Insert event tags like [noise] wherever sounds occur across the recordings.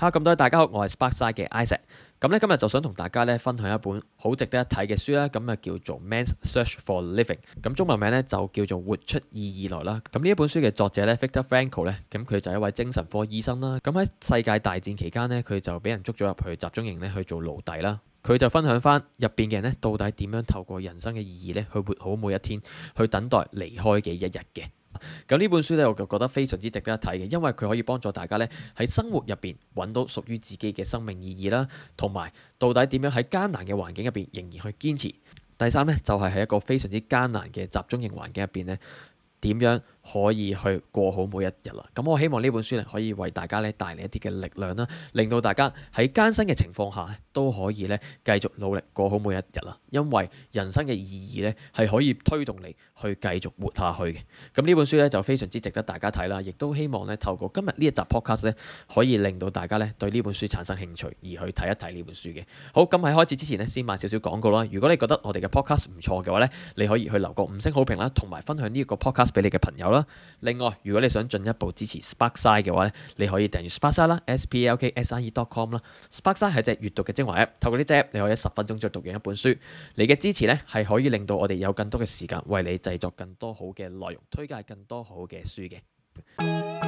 Hello 咁多位大家好，我係 Sparkside 嘅 Isaac，咁咧今日就想同大家咧分享一本好值得一睇嘅書啦，咁啊叫做《Man’s Search for Living》，咁中文名咧就叫做《活出意義來》啦。咁呢一本書嘅作者咧 Victor Frankel 咧，咁佢就一位精神科醫生啦。咁喺世界大戰期間咧，佢就俾人捉咗入去集中營咧去做奴隸啦。佢就分享翻入邊嘅人咧，到底點樣透過人生嘅意義咧，去活好每一天，去等待離開嘅一日嘅。咁呢本書咧，我就覺得非常之值得一睇嘅，因為佢可以幫助大家咧喺生活入邊揾到屬於自己嘅生命意義啦，同埋到底點樣喺艱難嘅環境入邊仍然去堅持。第三呢，就係喺一個非常之艱難嘅集中營環境入邊呢。點樣可以去過好每一日啦？咁我希望呢本書咧可以為大家咧帶嚟一啲嘅力量啦，令到大家喺艱辛嘅情況下都可以咧繼續努力過好每一日啦。因為人生嘅意義咧係可以推動你去繼續活下去嘅。咁呢本書咧就非常之值得大家睇啦，亦都希望咧透過今日呢一集 podcast 咧可以令到大家咧對呢本書產生興趣而去睇一睇呢本書嘅。好，咁喺開始之前咧先賣少少廣告啦。如果你覺得我哋嘅 podcast 唔錯嘅話咧，你可以去留個五星好評啦，同埋分享呢一個 podcast，俾你嘅朋友啦。另外，如果你想進一步支持 Sparkside 嘅話咧，你可以訂閱 Sparkside 啦，s p、A、l k s i e dot com 啦。Sparkside 係一隻閱讀嘅精華 App，透過呢隻 App 你可以喺十分鐘再讀完一本書。你嘅支持咧係可以令到我哋有更多嘅時間為你製作更多好嘅內容，推介更多好嘅書嘅。 [noise]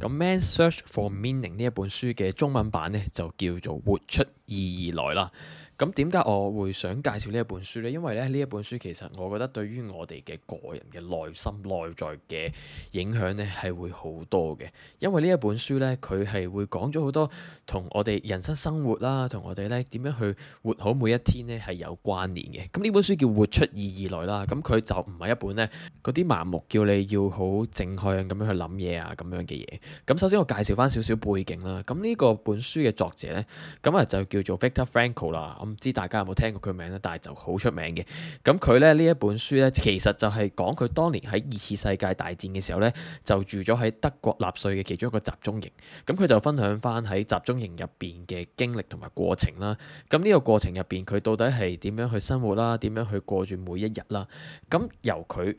咁《Man's Search for Meaning》呢一本書嘅中文版咧，就叫做《活出意義來》啦。咁點解我會想介紹呢一本書呢？因為咧呢一本書其實我覺得對於我哋嘅個人嘅內心內在嘅影響咧係會好多嘅。因為呢一本書呢，佢係會講咗好多同我哋人生生活啦，同我哋咧點樣去活好每一天呢係有關聯嘅。咁呢本書叫《活出意義來》啦。咁佢就唔係一本呢嗰啲盲目叫你要好正向咁樣去諗嘢啊咁樣嘅嘢。咁首先我介紹翻少少背景啦。咁呢個本書嘅作者呢，咁啊就叫做 Victor Frankel 啦。唔知大家有冇聽過佢名咧？但係就好出名嘅。咁佢咧呢一本書呢，其實就係講佢當年喺二次世界大戰嘅時候呢，就住咗喺德國納粹嘅其中一個集中營。咁佢就分享翻喺集中營入邊嘅經歷同埋過程啦。咁呢個過程入邊，佢到底係點樣去生活啦？點樣去過住每一日啦？咁由佢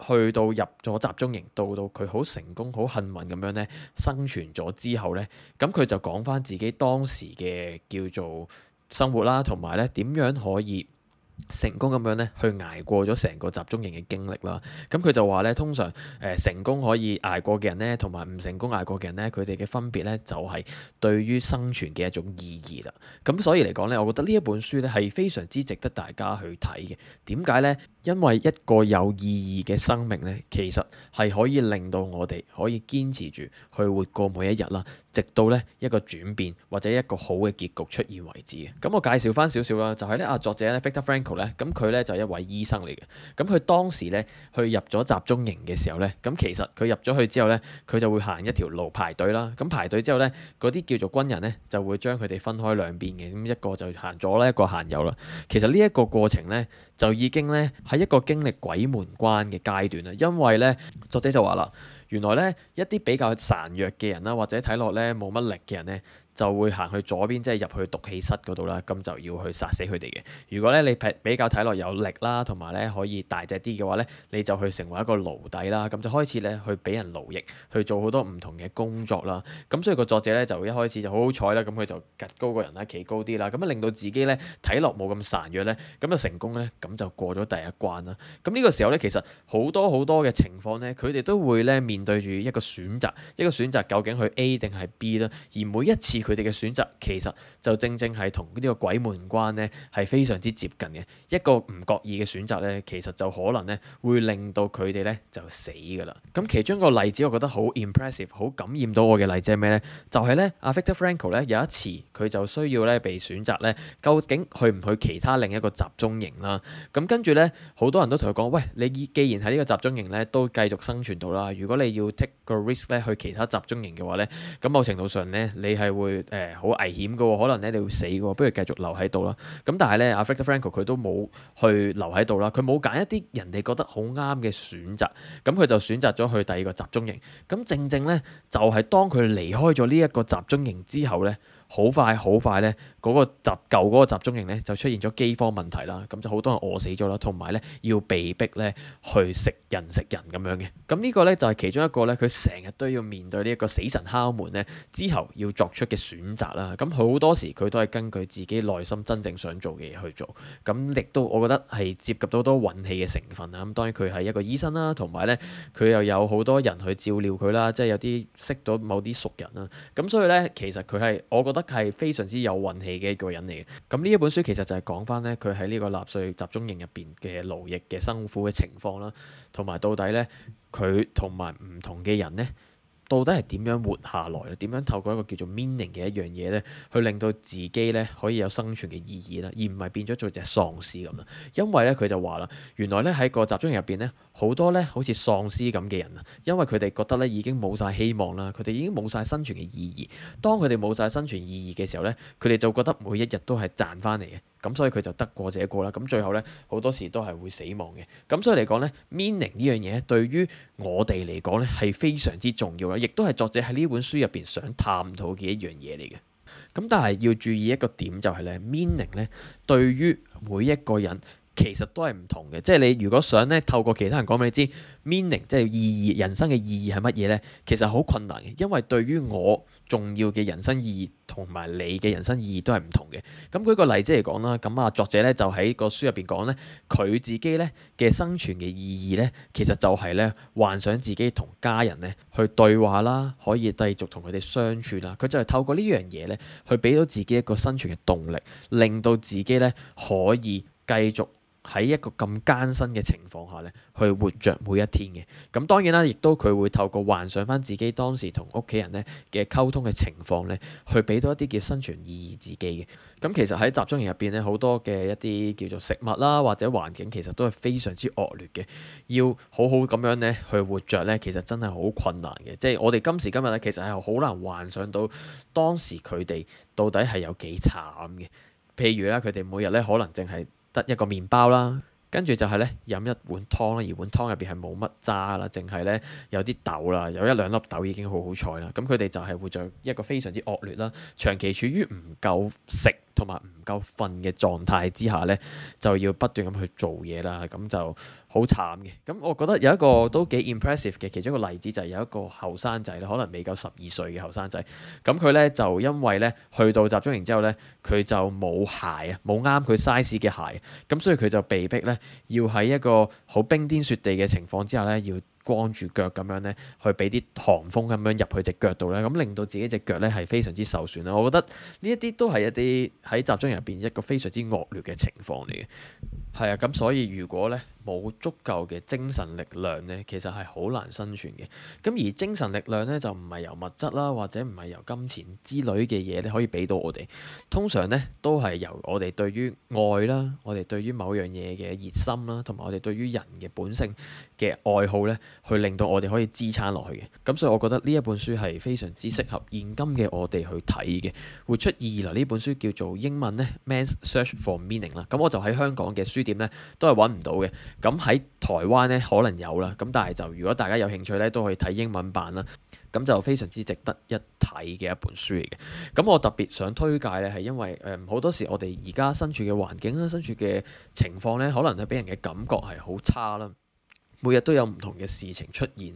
去到入咗集中營，到到佢好成功、好幸運咁樣呢，生存咗之後呢，咁佢就講翻自己當時嘅叫做。生活啦，同埋咧點樣可以，成功咁樣咧，去捱過咗成個集中營嘅經歷啦。咁佢就話咧，通常誒成功可以捱過嘅人咧，同埋唔成功捱過嘅人咧，佢哋嘅分別咧就係對於生存嘅一種意義啦。咁所以嚟講咧，我覺得呢一本書咧係非常之值得大家去睇嘅。點解咧？因為一個有意義嘅生命咧，其實係可以令到我哋可以堅持住去活過每一日啦，直到咧一個轉變或者一個好嘅結局出現為止嘅。咁我介紹翻少少啦，就係咧啊作者咧咁佢咧就係一位醫生嚟嘅，咁佢當時咧去入咗集中營嘅時候咧，咁其實佢入咗去之後咧，佢就會行一條路排隊啦。咁排隊之後咧，嗰啲叫做軍人咧就會將佢哋分開兩邊嘅，咁一個就行左啦，一個行右啦。其實呢一個過程咧，就已經咧喺一個經歷鬼門關嘅階段啊。因為咧作者就話啦，原來咧一啲比較孱弱嘅人啦，或者睇落咧冇乜力嘅人咧。就會行去左邊，即係入去毒氣室嗰度啦。咁就要去殺死佢哋嘅。如果咧你比比較睇落有力啦，同埋咧可以大隻啲嘅話咧，你就去成為一個奴隸啦。咁就開始咧去俾人奴役，去做好多唔同嘅工作啦。咁所以個作者咧就一開始就好好彩啦。咁佢就趨高個人啦，企高啲啦。咁啊令到自己咧睇落冇咁孱弱咧，咁啊成功咧，咁就過咗第一關啦。咁呢個時候咧，其實好多好多嘅情況咧，佢哋都會咧面對住一個選擇，一個選擇究竟去 A 定係 B 啦。而每一次，佢哋嘅選擇其實就正正係同呢個鬼門關呢係非常之接近嘅一個唔覺意嘅選擇呢，其實就可能呢會令到佢哋呢就死㗎啦。咁其中一個例子我覺得好 impressive，好感染到我嘅例子係咩呢？就係呢，阿 Victor Frankel 呢有一次佢就需要呢被選擇呢，究竟去唔去其他另一個集中營啦？咁跟住呢，好多人都同佢講：喂，你既然喺呢個集中營呢，都繼續生存到啦，如果你要 take 個 risk 呢去其他集中營嘅話呢，咁某程度上呢，你係會。誒，好、呃、危險噶，可能咧你會死噶，不如繼續留喺度啦。咁但係咧，阿 Frater Franco 佢都冇去留喺度啦，佢冇揀一啲人哋覺得好啱嘅選擇，咁佢就選擇咗去第二個集中營。咁正正呢，就係、是、當佢離開咗呢一個集中營之後呢。好快好快咧，嗰個集舊嗰個集中營咧就出現咗饑荒問題啦，咁就好多人餓死咗啦，同埋咧要被逼咧去食人食人咁樣嘅。咁呢個咧就係其中一個咧，佢成日都要面對呢一個死神敲門咧之後要作出嘅選擇啦。咁好多時佢都係根據自己內心真正想做嘅嘢去做。咁亦都我覺得係涉及到多運氣嘅成分啦。咁當然佢係一個醫生啦，同埋咧佢又有好多人去照料佢啦，即係有啲識到某啲熟人啦。咁所以咧其實佢係我覺得。得係非常之有運氣嘅一個人嚟嘅，咁呢一本書其實就係講翻呢，佢喺呢個納粹集中營入邊嘅勞役嘅辛苦嘅情況啦，同埋到底呢，佢同埋唔同嘅人呢。到底係點樣活下來咧？點樣透過一個叫做 meaning 嘅一樣嘢咧，去令到自己咧可以有生存嘅意義啦，而唔係變咗做隻喪屍咁啦。因為咧佢就話啦，原來咧喺個集中營入邊咧，好多咧好似喪屍咁嘅人啊，因為佢哋覺得咧已經冇晒希望啦，佢哋已經冇晒生存嘅意義。當佢哋冇晒生存意義嘅時候咧，佢哋就覺得每一日都係賺翻嚟嘅，咁所以佢就得過且過啦。咁最後咧好多時都係會死亡嘅。咁所以嚟講咧，meaning 呢樣嘢對於我哋嚟講咧係非常之重要啦。亦都係作者喺呢本書入邊想探討嘅一樣嘢嚟嘅。咁但係要注意一個點就係咧，meaning 咧對於每一個人。其實都係唔同嘅，即係你如果想咧透過其他人講俾你知 meaning，即係意義，人生嘅意義係乜嘢咧？其實好困難嘅，因為對於我重要嘅人生意義同埋你嘅人生意義都係唔同嘅。咁舉個例子嚟講啦，咁啊作者咧就喺個書入邊講咧，佢自己咧嘅生存嘅意義咧，其實就係咧幻想自己同家人咧去對話啦，可以繼續同佢哋相處啦。佢就係透過呢樣嘢咧，去俾到自己一個生存嘅動力，令到自己咧可以繼續。喺一個咁艱辛嘅情況下咧，去活著每一天嘅咁，當然啦，亦都佢會透過幻想翻自己當時同屋企人咧嘅溝通嘅情況咧，去俾多一啲叫生存意義自己嘅。咁其實喺集中營入邊咧，好多嘅一啲叫做食物啦，或者環境其實都係非常之惡劣嘅，要好好咁樣咧去活著咧，其實真係好困難嘅。即係我哋今時今日咧，其實係好難幻想到當時佢哋到底係有幾慘嘅。譬如啦，佢哋每日咧可能淨係，得一個麵包啦，跟住就係咧飲一碗湯啦，而碗湯入邊係冇乜渣啦，淨係咧有啲豆啦，有一兩粒豆已經好好彩啦。咁佢哋就係會在一個非常之惡劣啦，長期處於唔夠食。同埋唔夠瞓嘅狀態之下呢，就要不斷咁去做嘢啦，咁就好慘嘅。咁我覺得有一個都幾 impressive 嘅其中一個例子就係有一個後生仔啦，可能未夠十二歲嘅後生仔，咁佢呢，就因為呢去到集中營之後呢，佢就冇鞋啊，冇啱佢 size 嘅鞋，咁所以佢就被逼呢，要喺一個好冰天雪地嘅情況之下呢。要。光住腳咁樣咧，去俾啲寒風咁樣入去隻腳度咧，咁令到自己隻腳咧係非常之受損啦。我覺得呢一啲都係一啲喺集中入邊一個非常之惡劣嘅情況嚟嘅。係啊，咁所以如果咧冇足夠嘅精神力量咧，其實係好難生存嘅。咁而精神力量咧就唔係由物質啦，或者唔係由金錢之類嘅嘢咧可以俾到我哋。通常咧都係由我哋對於愛啦，我哋對於某樣嘢嘅熱心啦，同埋我哋對於人嘅本性。嘅愛好咧，去令到我哋可以支撐落去嘅。咁所以，我覺得呢一本書係非常之適合現今嘅我哋去睇嘅。活出意義嚟呢本書叫做英文呢《Man’s Search for Meaning》啦。咁我就喺香港嘅書店呢都係揾唔到嘅。咁喺台灣呢可能有啦。咁但係就如果大家有興趣呢，都可以睇英文版啦。咁就非常之值得一睇嘅一本書嚟嘅。咁我特別想推介呢，係因為誒呃，好多時我哋而家身處嘅環境啦，身處嘅情況呢，可能係俾人嘅感覺係好差啦。每日都有唔同嘅事情出現，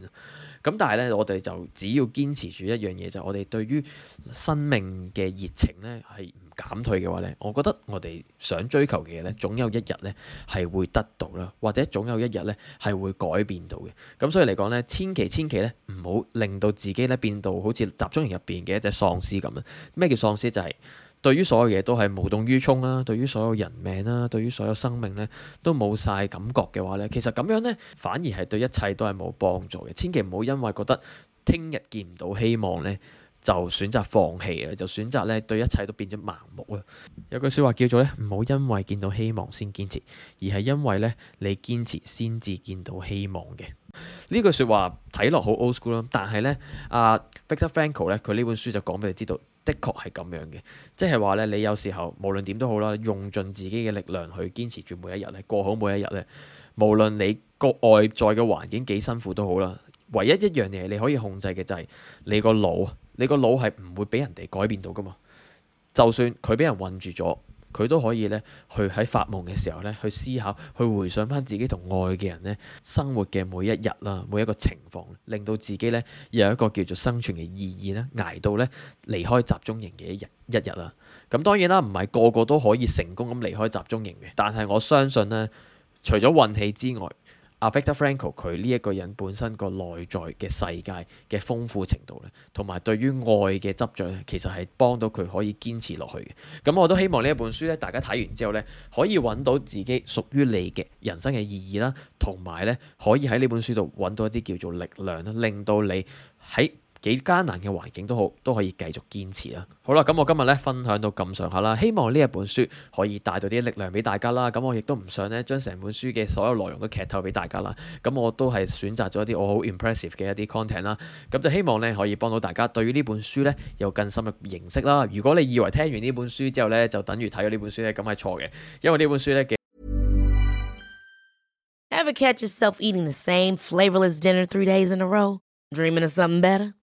咁但係呢，我哋就只要堅持住一樣嘢，就係我哋對於生命嘅熱情呢係唔減退嘅話呢，我覺得我哋想追求嘅嘢呢，總有一日呢係會得到啦，或者總有一日呢係會改變到嘅。咁所以嚟講呢，千祈千祈呢唔好令到自己呢變到好似集中營入邊嘅一隻喪屍咁啊！咩叫喪屍就係～對於所有嘢都係無動於衷啦，對於所有人命啦，對於所有生命呢，都冇晒感覺嘅話呢，其實咁樣呢，反而係對一切都係冇幫助嘅，千祈唔好因為覺得聽日見唔到希望呢。就選擇放棄啊！就選擇咧對一切都變咗盲目啊！有句説話叫做咧唔好因為見到希望先堅持，而係因為咧你堅持先至見到希望嘅。呢句説話睇落好 old school 啦，但係咧阿 Victor Frankl 咧佢呢本書就講俾你知道，的確係咁樣嘅，即係話咧你有時候無論點都好啦，用盡自己嘅力量去堅持住每一日咧，過好每一日咧，無論你個外在嘅環境幾辛苦都好啦。唯一一樣嘢你可以控制嘅就係你個腦，你個腦係唔會俾人哋改變到㗎嘛。就算佢俾人困住咗，佢都可以呢去喺發夢嘅時候呢去思考，去回想返自己同愛嘅人呢生活嘅每一日啦，每一個情況，令到自己呢有一個叫做生存嘅意義呢，捱到呢離開集中營嘅一日一日啦。咁當然啦，唔係個個都可以成功咁離開集中營嘅，但係我相信呢，除咗運氣之外。阿 Victor Frankel 佢呢一個人本身個內在嘅世界嘅豐富程度咧，同埋對於愛嘅執著咧，其實係幫到佢可以堅持落去嘅。咁我都希望呢一本書咧，大家睇完之後咧，可以揾到自己屬於你嘅人生嘅意義啦，同埋咧可以喺呢本書度揾到一啲叫做力量啦，令到你喺幾艱難嘅環境都好，都可以繼續堅持啊。好啦，咁、嗯、我今日咧分享到咁上下啦，希望呢一本書可以帶到啲力量俾大家啦。咁、嗯、我亦都唔想咧將成本書嘅所有內容都劇透俾大家啦。咁、嗯、我都係選擇咗一啲我好 impressive 嘅一啲 content 啦。咁、嗯、就希望咧可以幫到大家對於呢本書咧有更深嘅認識啦。如果你以為聽完呢本書之後咧就等於睇咗呢本書咧，咁係錯嘅，因為呢本書咧嘅。 [music]